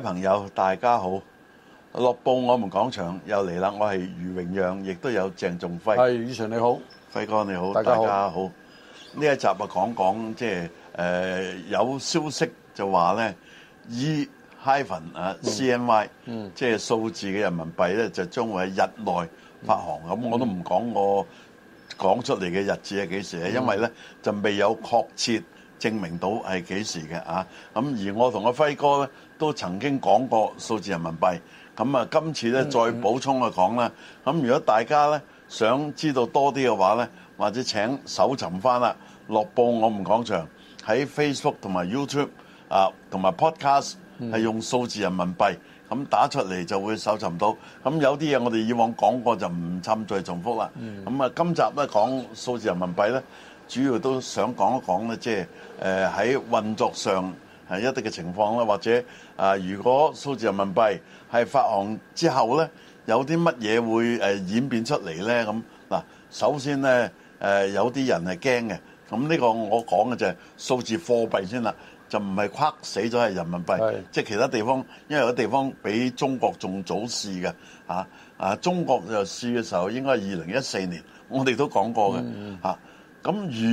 朋友，大家好。《樂報我們講場》又嚟啦。我係余榮讓，亦都有鄭仲輝。係，以常你好，輝哥你好，大家好。呢一集啊，講講即係誒、呃，有消息就話咧，e hyphen 啊，CNY，、嗯、即係數字嘅人民幣咧，就將會喺日內發行。咁、嗯、我都唔講我講出嚟嘅日子係幾時、嗯、因為咧就未有確切證明到係幾時嘅啊。咁而我同阿輝哥咧。都曾經講過數字人民幣，咁啊今次咧再補充去講啦。咁、嗯嗯、如果大家咧想知道多啲嘅話咧，或者請搜尋翻啦，樂報我們講場喺 Facebook 同埋 YouTube 啊，同埋 Podcast 係用數字人民幣咁、嗯、打出嚟就會搜尋到。咁有啲嘢我哋以往講過就唔侵再重複啦。咁啊今集咧講數字人民幣咧，主要都想講一講咧，即係誒喺運作上一啲嘅情況啦，或者啊、呃，如果數字人民幣係發行之後咧，有啲乜嘢會誒、呃、演變出嚟咧？咁嗱，首先咧誒、呃，有啲人係驚嘅。咁呢個我講嘅就係數字貨幣先啦，就唔係框死咗係人民幣，即係其他地方，因為有地方比中國仲早試嘅吓啊。中國就試嘅時候應該係二零一四年，我哋都講過嘅吓咁、嗯嗯啊、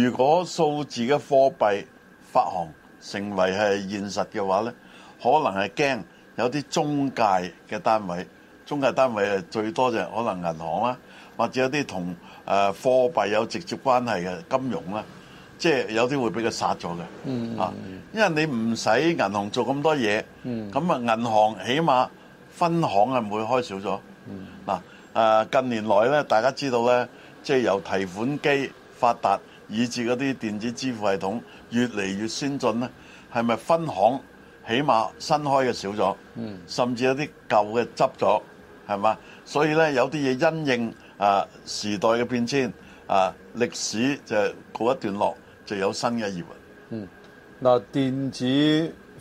如果數字嘅貨幣發行，成為係現實嘅話咧，可能係驚有啲中介嘅單位，中介單位啊，最多就可能銀行啦，或者有啲同誒貨幣有直接關係嘅金融啦，即係有啲會俾佢殺咗嘅，啊，因為你唔使銀行做咁多嘢，咁啊銀行起碼分行係唔會開少咗，嗱誒近年來咧，大家知道咧，即係由提款機發達。以致嗰啲電子支付系統越嚟越先進咧，係咪分行起碼新開嘅少咗，甚至有啲舊嘅執咗，係嘛？所以咧，有啲嘢因應啊時代嘅變遷啊歷史就告一段落，就有新嘅一頁啊。嗯，嗱電子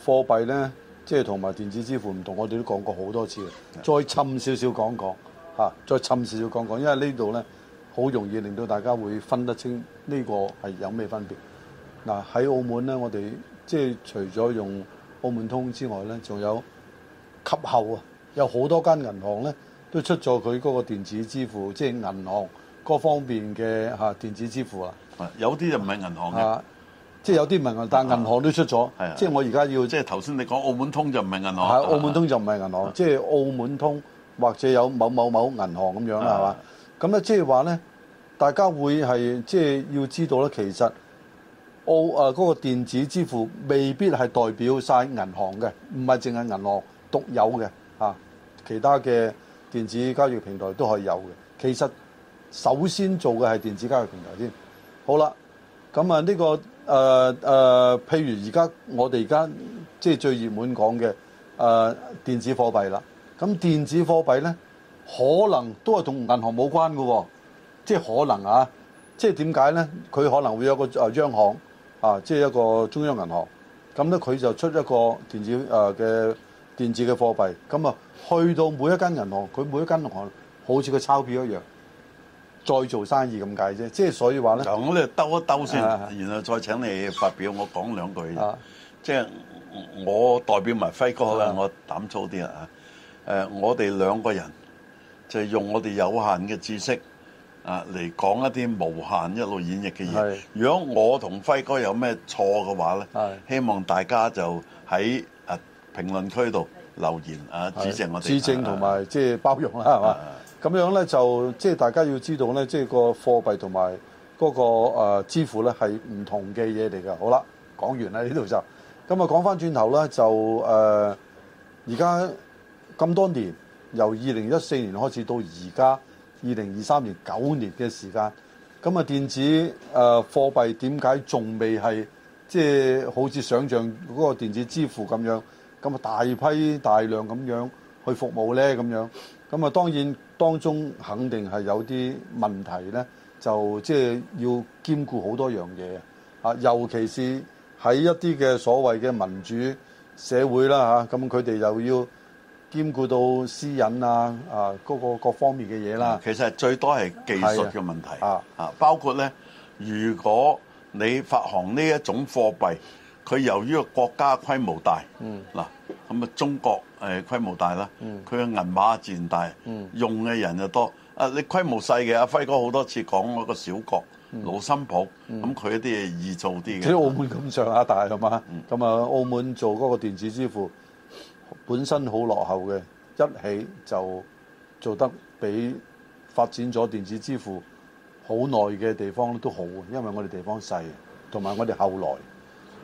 貨幣咧，即係同埋電子支付唔同，我哋都講過好多次啊。再深入少少講講嚇，再深入少少講講，因為呢度咧。好容易令到大家會分得清呢個係有咩分別？嗱喺澳門咧，我哋即係除咗用澳門通之外咧，仲有及後啊，有好多間銀行咧都出咗佢嗰個電子支付，即係銀行各方面嘅嚇電子支付啊。有啲就唔係銀行嘅，即係有啲唔係銀行，但係銀行都出咗。即係我而家要即係頭先你講澳門通就唔係銀行，澳門通就唔係銀行，即係澳門通或者有某某某銀行咁樣啦，係嘛？咁咧，即係話咧，大家會係即係要知道咧，其實澳啊嗰個電子支付未必係代表晒銀行嘅，唔係淨係銀行獨有嘅，啊其他嘅電子交易平台都係有嘅。其實首先做嘅係電子交易平台先。好啦，咁啊呢個誒誒、呃呃，譬如而家我哋而家即係最熱門講嘅誒電子貨幣啦。咁電子貨幣咧？可能都係同銀行冇關嘅，即係可能啊！即係點解咧？佢可能會有個誒央行啊，即係一個中央銀行咁咧，佢就出一個電子誒嘅電子嘅貨幣咁啊，去到每一間銀行，佢每一間銀行好似個鈔票一樣，再做生意咁解啫。即係所以話咧，我哋兜一兜先、啊，然後再請你發表我講兩、啊，我講兩句。即係我代表埋輝哥啦、啊，我膽粗啲啊，啊。嚇。誒，我哋兩個人。就用我哋有限嘅知識啊嚟講一啲無限一路演繹嘅嘢。如果我同輝哥有咩錯嘅話咧，希望大家就喺啊評論區度留言啊指正我哋。指正同埋即係包容啊，係嘛？啊，咁樣咧就即係大家要知道咧，即係個貨幣同埋嗰個、呃、支付咧係唔同嘅嘢嚟㗎。好啦，講完啦呢度就咁啊，講翻轉頭呢，就誒而家咁多年。由二零一四年開始到而家二零二三年，九年嘅時間，咁啊電子、呃、貨幣點解仲未係即係好似想象嗰個電子支付咁樣，咁啊大批大量咁樣去服務咧，咁樣咁啊當然當中肯定係有啲問題咧，就即係、就是、要兼顧好多樣嘢啊，尤其是喺一啲嘅所謂嘅民主社會啦吓，咁佢哋又要。兼顧到私隱啊，啊嗰個各，各方面嘅嘢啦，嗯。其實最多係技術嘅問題啊，啊包括咧，如果你發行呢一種貨幣，佢由於個國家規模大，嗯，嗱咁啊中國誒規模大啦，佢，嗯，嘅銀碼漸大，嗯，用嘅人又多，啊你規模細嘅阿輝哥好多次講嗰個小國盧森堡，咁佢一啲嘢易做啲嘅。即係澳門咁上下大係嘛？咁啊，嗯，澳門做嗰個電子支付。本身好落後嘅，一起就做得比發展咗電子支付好耐嘅地方都好，因為我哋地方細，同埋我哋後來。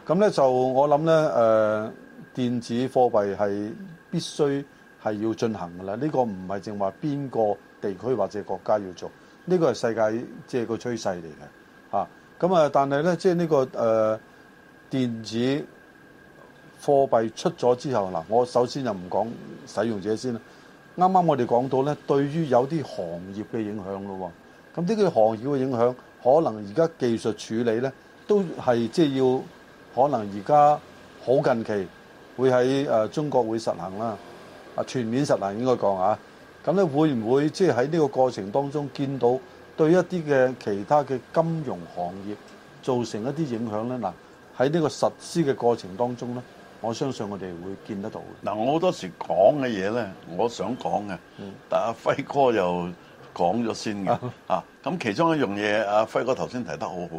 咁咧就我諗咧誒電子貨幣係必須係要進行嘅啦。呢個唔係淨話邊個地區或者國家要做，呢個係世界即係個趨勢嚟嘅。嚇咁啊！但係咧，即係呢個誒、呃、電子。貨幣出咗之後，嗱，我首先就唔講使用者先啦。啱啱我哋講到呢，對於有啲行業嘅影響咯。咁呢個行業嘅影響，可能而家技術處理呢，都係即係要可能而家好近期會喺誒中國會實行啦，啊全面實行應該講啊。咁呢會唔會即係喺呢個過程當中見到對一啲嘅其他嘅金融行業造成一啲影響呢？嗱，喺呢個實施嘅過程當中呢。我相信我哋會見得到。嗱，我好多時講嘅嘢咧，我想講嘅，嗯、但阿輝哥又講咗先嘅啊，啊。咁其中一樣嘢，阿輝哥頭先提得好好，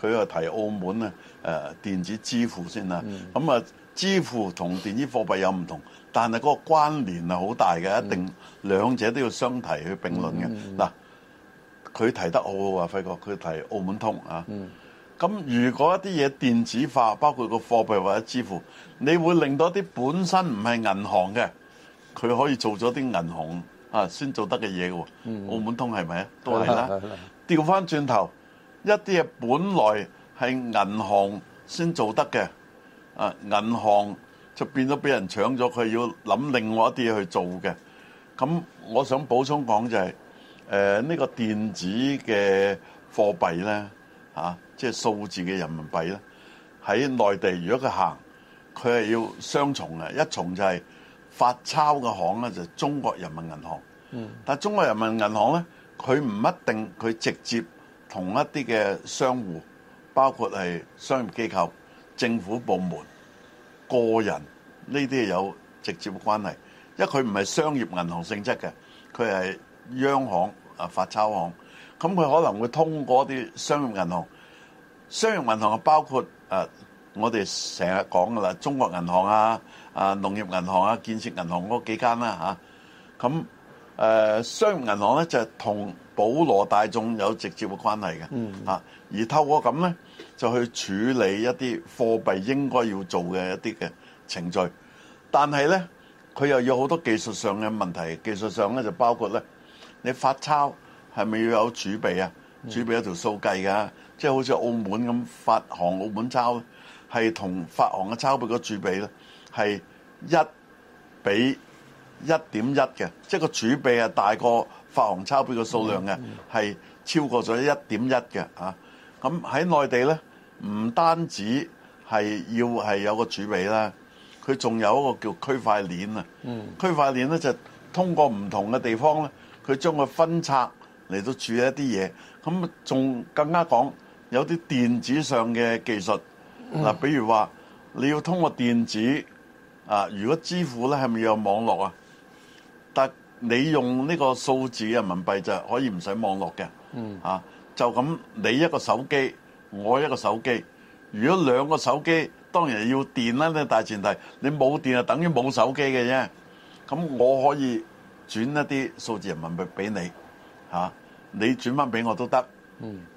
佢又提澳門咧，誒、啊、電子支付先啦。咁、嗯、啊，支付同電子貨幣有唔同，但係嗰個關聯係好大嘅，一定兩者都要相提去並論嘅嗱。佢、啊、提得好好啊，輝哥，佢提澳門通啊。嗯咁如果一啲嘢電子化，包括個貨幣或者支付，你會令到一啲本身唔係銀行嘅，佢可以做咗啲銀行啊先做得嘅嘢喎。澳門通係咪啊？都係啦。調翻轉頭，一啲嘢本來係銀行先做得嘅，啊銀行就變咗俾人搶咗，佢要諗另外一啲嘢去做嘅。咁我想補充講就係，誒呢個電子嘅貨幣咧。吓、啊，即係數字嘅人民幣咧，喺內地如果佢行，佢係要雙重嘅，一重就係發鈔嘅行咧就係、中國人民銀行，嗯，但係中國人民銀行咧，佢唔一定佢直接同一啲嘅商戶，包括係商業機構、政府部門、個人呢啲有直接關係，因為佢唔係商業銀行性質嘅，佢係央行啊發鈔行。咁佢可能會通過一啲商業銀行，商業銀行啊，包括誒，我哋成日講噶啦，中國銀行啊，啊，農業銀行啊，建設銀行嗰幾間啦嚇。咁誒，商業銀行咧就係同普羅大眾有直接嘅關係嘅，嚇。而透過咁咧，就去處理一啲貨幣應該要做嘅一啲嘅程序。但係咧，佢又有好多技術上嘅問題，技術上咧就包括咧，你發鈔。係咪要有儲備啊？儲備有條數計㗎、啊，即、嗯、係、就是、好似澳門咁發行澳門鈔，係同發行嘅鈔票個儲備咧係一比一點一嘅，即係個儲備啊大過發行鈔票個數量嘅，係超過咗一點一嘅啊！咁喺內地咧，唔單止係要係有個儲備啦，佢仲有一個叫區塊鏈啊。區塊鏈咧就通過唔同嘅地方咧，佢將佢分拆。嚟到注一啲嘢，咁仲更加講有啲電子上嘅技術，嗱，比如話你要通過電子，啊，如果支付咧係咪要有網絡啊？但你用呢個數字人民幣就可以唔使網絡嘅，啊，就咁你一個手機，我一個手機，如果兩個手機，當然要電啦。你大前提你冇電啊，就等於冇手機嘅啫。咁我可以轉一啲數字人民幣俾你，你轉翻俾我都得，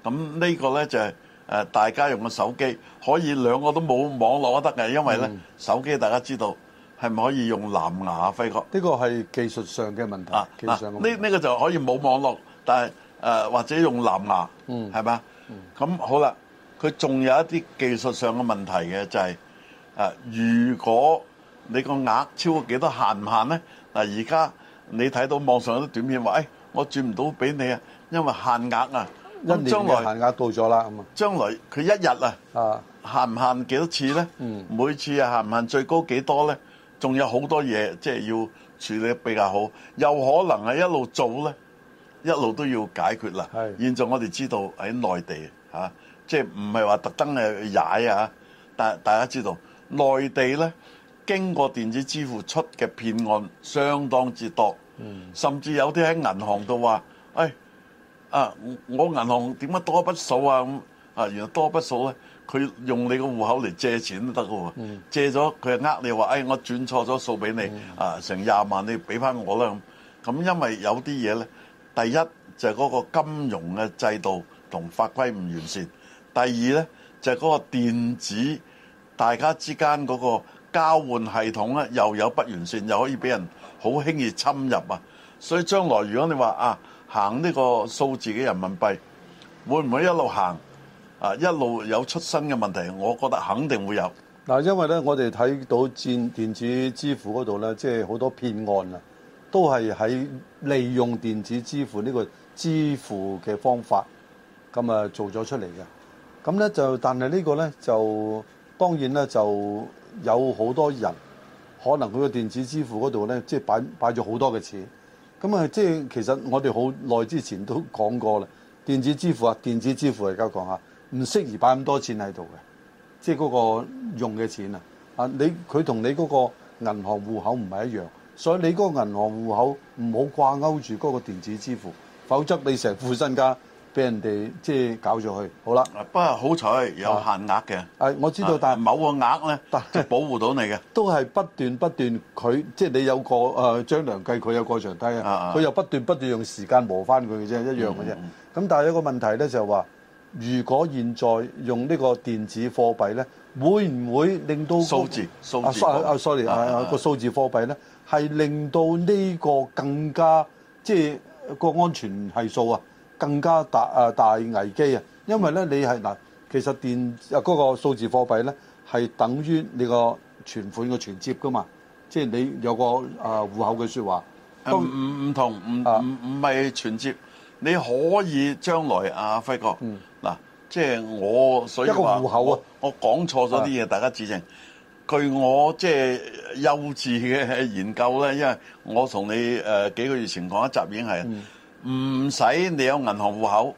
咁呢個咧就係誒大家用個手機可以兩個都冇網絡都得嘅，因為咧手機大家知道係咪可以用藍牙輝哥？呢個係技術上嘅問題，技術上呢呢個就可以冇網絡，但係誒或者用藍牙，係嘛？咁好啦，佢仲有一啲技術上嘅問題嘅就係誒，如果你個額超過幾多限唔限咧？嗱而家你睇到網上有啲短片話誒，我轉唔到俾你啊！因為限額啊，咁將來限額到咗啦，咁啊，將來佢一日啊，啊，限唔限幾多次咧、嗯？每次啊，限唔限最高幾多咧？仲有好多嘢即係要處理得比較好，有可能係一路做咧，一路都要解決啦。現在我哋知道喺內地嚇，即係唔係話特登去踩啊？但係大家知道內地咧，經過電子支付出嘅騙案相當之多，嗯、甚至有啲喺銀行度話，誒、哎。啊！我銀行點解多筆數啊？咁啊，原來多筆數咧，佢用你個戶口嚟借錢都得喎。借咗佢又呃你話，哎，我轉錯咗數俾你啊，成廿萬你俾翻我啦咁。咁因為有啲嘢咧，第一就係嗰個金融嘅制度同法規唔完善；第二咧就係嗰個電子大家之間嗰個交換系統咧又有不完善，又可以俾人好輕易侵入啊。所以將來如果你話啊，行呢個數字嘅人民幣，會唔會一路行？啊，一路有出新嘅問題，我覺得肯定會有。嗱，因為咧，我哋睇到電電子支付嗰度咧，即係好多騙案啊，都係喺利用電子支付呢個支付嘅方法，咁啊做咗出嚟嘅。咁咧就，但係呢個咧就當然咧就有好多人，可能佢個電子支付嗰度咧，即係擺擺咗好多嘅錢。咁啊，即係其實我哋好耐之前都講過啦，電子支付啊，電子支付而家講下，唔適宜擺咁多錢喺度嘅，即係嗰個用嘅錢啊，啊你佢同你嗰個銀行戶口唔係一樣，所以你嗰個銀行戶口唔好掛鈎住嗰個電子支付，否則你成副身家。俾人哋即係搞咗去，好啦。不過好彩有限額嘅。誒，我知道，但係某個額咧，即係保護到你嘅。都係不斷不斷，佢即係你有個誒張良計，佢有個牆梯啊。佢又不斷不斷用時間磨翻佢嘅啫，一樣嘅啫。咁但係一個問題咧，就係話，如果現在用呢個電子貨幣咧，會唔會令到數字數啊？sorry，個數字貨幣咧係令到呢個更加即係個安全係數啊？更加大啊、呃！大危機啊！因為咧，你係嗱，其實電啊嗰、那個數字貨幣咧，係等於你個存款嘅存折噶嘛，即係你有個啊、呃、戶口嘅説話，都唔唔同，唔唔唔係存折、啊，你可以將來啊，輝哥，嗱、嗯啊，即係我所以的話，一個戶口啊，我講錯咗啲嘢，大家指正。據我即係幼稚嘅研究咧，因為我同你誒、呃、幾個月前講一集已經係。嗯唔使你有銀行戶口，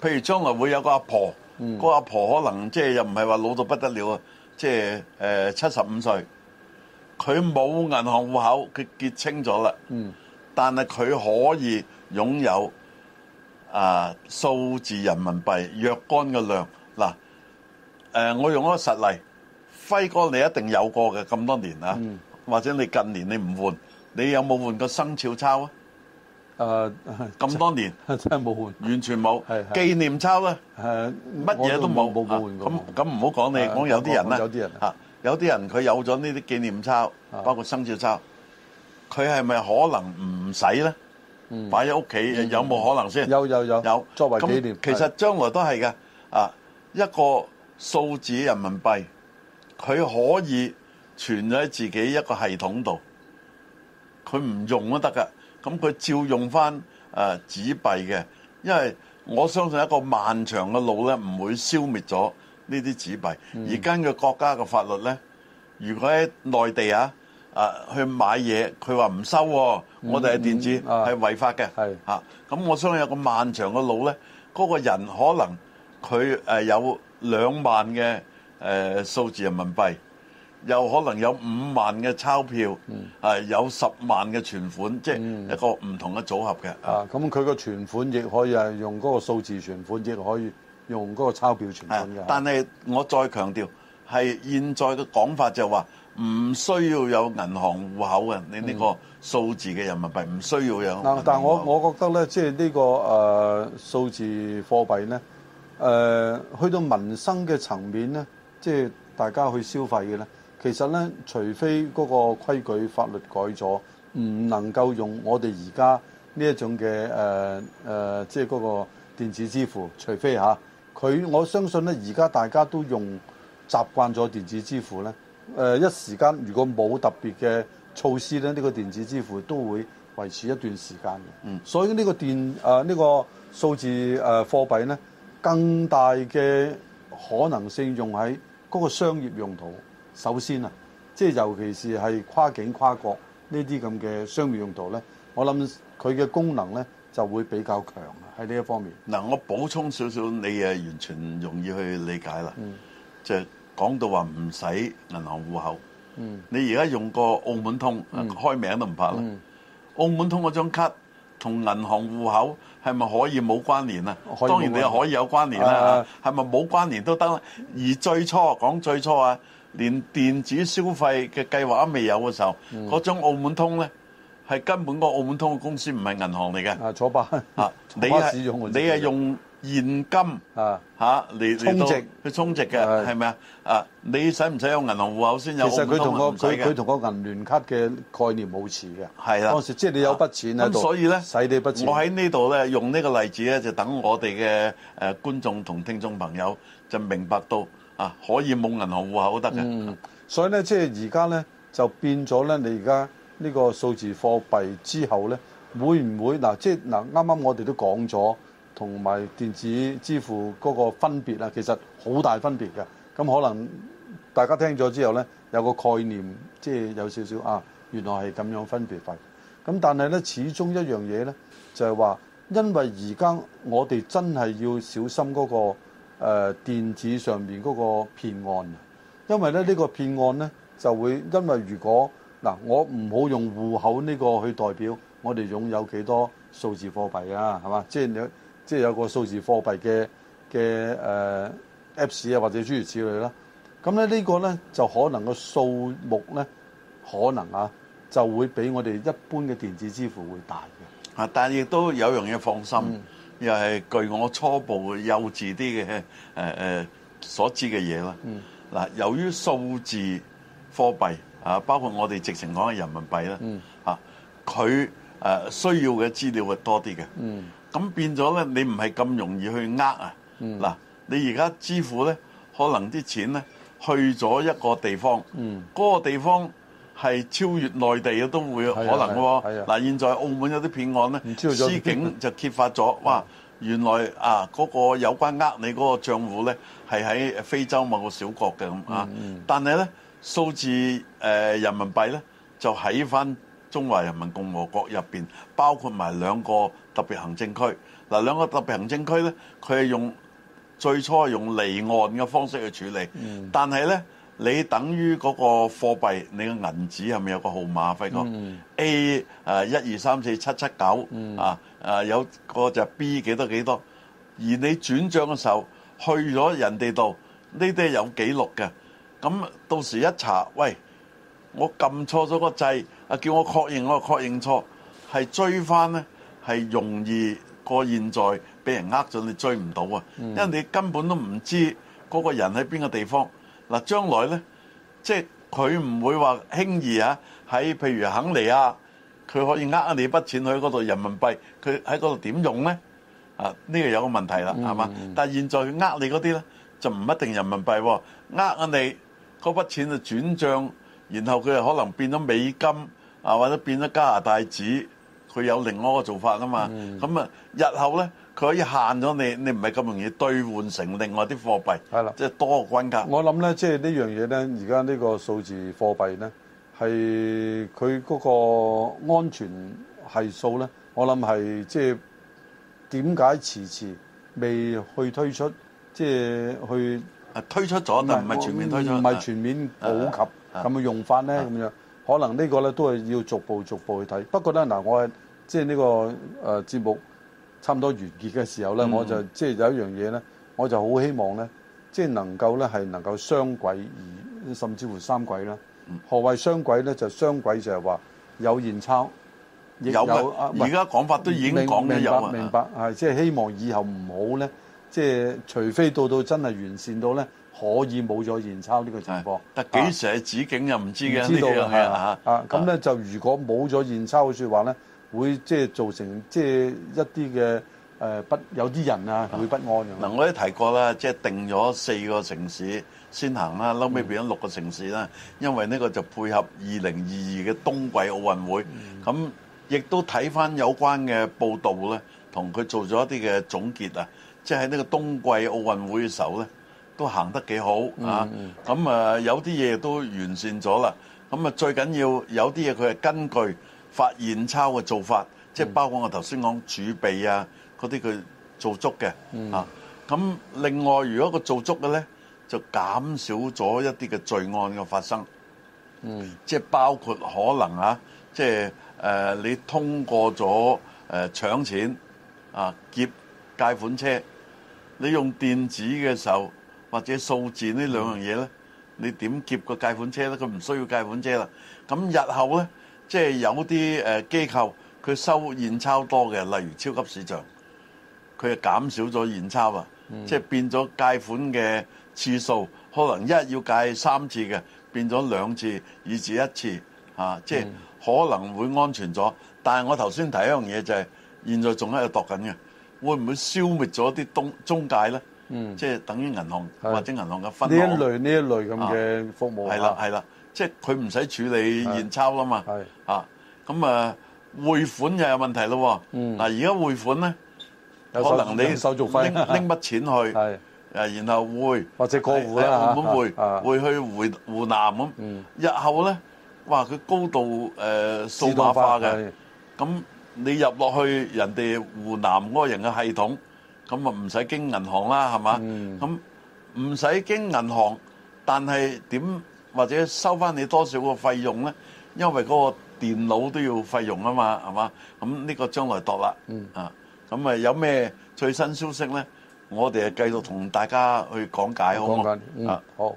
譬如將來會有個阿婆，嗯個阿婆可能即係又唔係話老到不得了啊，即係誒七十五歲，佢冇銀行戶口，佢結清咗啦、嗯，但係佢可以擁有啊、呃、數字人民幣若干嘅量。嗱、呃，我用一個實例，輝哥你一定有過嘅咁多年啊、嗯，或者你近年你唔換，你有冇換過生肖鈔啊？誒咁多年真係冇換，完全冇紀念鈔咧，誒乜嘢都冇。冇冇換過。咁咁唔好講你，講有啲人啦，嚇有啲人佢有咗呢啲紀念鈔，包括生肖鈔，佢係咪可能唔使咧？擺喺屋企有冇可能先？有有有有，作為紀念。其實將來都係嘅，啊一個數字人民幣，佢可以存喺自己一個系統度，佢唔用都得㗎。咁佢照用翻誒紙幣嘅，因為我相信一個漫長嘅路咧，唔會消滅咗呢啲紙幣。而家嘅國家嘅法律咧，如果喺內地啊，啊去買嘢，佢話唔收，我哋係電子係違法嘅。係嚇，咁我相信有個漫長嘅路咧，嗰個人可能佢有兩萬嘅誒數字人民幣。又可能有五萬嘅鈔票，嗯、有十萬嘅存款，嗯、即係一個唔同嘅組合嘅。啊、嗯，咁佢個存款亦可以係用嗰個數字存款，亦可以用嗰個鈔票存款嘅。但係我再強調，係現在嘅講法就話唔需要有銀行戶口嘅、嗯，你呢個數字嘅人民幣唔需要有。嗱、嗯，但係我我覺得咧，即係、這個呃、呢個誒數字貨幣咧，誒去到民生嘅層面咧，即係大家去消費嘅咧。其實咧，除非嗰個規矩法律改咗，唔能夠用我哋而家呢一種嘅誒誒，即係嗰個電子支付。除非吓，佢、啊，我相信咧，而家大家都用習慣咗電子支付咧。誒、呃、一時間，如果冇特別嘅措施咧，呢、呢個電子支付都會維持一段時間嘅。嗯，所以呢個電誒呢、呃呢個數字誒、呃、貨幣咧，更大嘅可能性用喺嗰個商業用途。首先啊，即係尤其是係跨境跨國呢啲咁嘅商業用途咧，我諗佢嘅功能咧就會比較強喺呢一方面。嗱，我補充少少你，你誒完全容易去理解啦。嗯。就係、講到話唔使銀行戶口。嗯。你而家用個澳門通、嗯、開名都唔怕啦、嗯。澳門通嗰張卡同銀行戶口係咪可以冇關聯啊？當然你可以有關聯啦。啊。係咪冇關聯都得啦？而最初講最初啊。連電子消費嘅計劃都未有嘅時候，嗰種澳門通咧，係根本個澳門通嘅公司唔係銀行嚟嘅。啊，坐辦啊，你係你係用現金嚇嚟嚟到去充值嘅，係咪啊？啊，你使唔使用銀行戶口先有？其實佢同個佢佢同個銀聯卡嘅概念冇似嘅。係啦，當時即係你有筆錢喺度，所以咧，使你筆錢，我喺呢度咧用呢個例子咧，就等我哋嘅誒觀眾同聽眾朋友就明白到。啊，可以冇銀行戶口都得嘅，所以咧，即係而家咧就變咗咧。你而家呢個數字貨幣之後咧，會唔會嗱，啊？即係嗱，啱，啊，啱我哋都講咗，同埋電子支付嗰個分別啊，其實好大分別嘅。咁可能大家聽咗之後咧，有個概念，即係有少少啊，原來係咁樣分別法。咁但係咧，始終一樣嘢咧，就係話，因為而家我哋真係要小心嗰個。誒、呃、電子上面嗰個騙案啊，因為咧呢、這個騙案呢，就會因為如果嗱我唔好用戶口呢個去代表我哋擁有幾多少數字貨幣啊，係嘛？即係你即係有個數字貨幣嘅嘅誒、呃、apps 啊，或者諸如此類啦、啊。咁咧呢、這個呢，就可能個數目呢，可能啊就會比我哋一般嘅電子支付會大嘅啊，但亦都有樣嘢放心、嗯。又係據我初步幼稚啲嘅誒誒所知嘅嘢啦。嗱、嗯，由於數字貨幣啊，包括我哋直情講嘅人民幣咧，啊、嗯，佢誒需要嘅資料係多啲嘅，咁、嗯、變咗咧，你唔係咁容易去呃啊。嗱、嗯，你而家支付咧，可能啲錢咧去咗一個地方，嗰、嗯嗰個地方。係超越內地嘅都會可能喎。嗱、啊，啊、現在澳門有啲騙案呢，司、啊啊、警就揭發咗，啊、哇！原來啊，嗰、那個有關呃你嗰個賬戶呢，係喺非洲某個小國嘅咁啊。嗯嗯但係呢，數字誒、呃、人民幣呢，就喺翻中華人民共和國入邊，包括埋兩個特別行政區。嗱、啊，兩個特別行政區呢，佢係用最初係用離岸嘅方式去處理，嗯嗯但係呢。你等於嗰個貨幣，你個銀紙係咪有個號碼？輝、嗯、哥 A 誒一二三四七七九啊誒有個就係 B 幾多幾多，而你轉帳嘅時候去咗人哋度，呢啲係有記錄嘅。咁到時一查，喂，我撳錯咗個掣啊，叫我確認我確認錯，係追翻呢？係容易過現在俾人呃咗你追唔到啊、嗯，因為你根本都唔知嗰個人喺邊個地方。嗱、啊，將來咧，即係佢唔會話輕易啊，喺譬如肯尼亞，佢可以呃你筆錢去嗰度人民幣，佢喺嗰度點用咧？啊，呢、這個有個問題啦，係、嗯、嘛？但係現在佢呃你嗰啲咧，就唔一定人民幣喎、啊，呃你嗰筆錢就轉帳，然後佢又可能變咗美金啊，或者變咗加拿大紙，佢有另外一個做法啊嘛。咁、嗯、啊，日後咧。佢可以限咗你，你唔係咁容易兌換成另外啲貨幣，係啦，即係多個關卡。我諗咧，即係呢樣嘢咧，而家呢個數字貨幣咧，係佢嗰個安全係數咧，我諗係即係點解遲遲未去推出，即係去推出咗，但係唔係全面推出，唔係全面普及咁嘅用法咧，咁樣可能呢個咧都係要逐步逐步去睇。不過咧，嗱，我係即係呢個誒節目，差唔多完結嘅時候咧、嗯嗯就是，我就即係有一樣嘢咧，我就好希望咧，即係能夠咧係能夠雙軌，而甚至乎三軌啦。何謂雙軌咧？就雙軌就係話有現鈔，亦有。而家講法都已經講咗有，明白係即係希望以後唔好咧，即係除非到到真係完善到咧，可以冇咗現鈔呢個情況。但幾時係止境又唔知嘅知道，啊！啊咁咧，就如果冇咗現鈔嘅說話咧。會即係造成即係一啲嘅誒不有啲人啊會不安嘅。嗱，我都提過啦，即係定咗四個城市先行啦，後屘變咗六個城市啦。因為呢個就配合二零二二嘅冬季奧運會，咁亦都睇翻有關嘅報道咧，同佢做咗一啲嘅總結啊。即係喺呢個冬季奧運會嘅時候咧，都行得幾好啊。咁啊，有啲嘢都完善咗啦。咁啊，最緊要有啲嘢佢係根據。發現鈔嘅做法，即係包括我頭先講儲備啊，嗰啲佢做足嘅、嗯、啊。咁另外，如果佢做足嘅咧，就減少咗一啲嘅罪案嘅發生。嗯，即係包括可能啊，即係誒、呃、你通過咗誒、呃、搶錢啊，劫解款車，你用電子嘅時候或者數字這兩樣東西呢兩樣嘢咧，你點劫個解款車咧？佢唔需要解款車啦。咁日後咧？即係有啲誒機構，佢收現鈔多嘅，例如超級市場佢係減少咗現鈔啊、嗯！即係變咗介款嘅次數，可能一日要介三次嘅，變咗兩次、以至一次，啊、即係可能會安全咗、嗯。但係我頭先提一樣嘢就係，現在仲喺度度緊嘅，會唔會消滅咗啲中介咧、嗯？即係等於銀行或者銀行嘅分。呢一類呢一類咁嘅服務、啊。係啦、啊，係啦。即係佢唔使處理現鈔啦嘛，啊咁啊匯款又有問題咯。嗱而家匯款咧，可能你拎拎乜錢去，然後匯或者過戶啦嚇，會會去回湖南咁。日後咧，哇佢高度誒數碼化嘅，咁你入落去人哋湖南嗰人嘅系統，咁啊唔使經銀行啦，係嘛？咁唔使經銀行，但係點？或者收翻你多少個費用咧？因為嗰個電腦都要費用啊嘛，係嘛？咁呢個將來度啦，嗯，啊咁啊有咩最新消息咧？我哋啊繼續同大家去講解好唔啊好。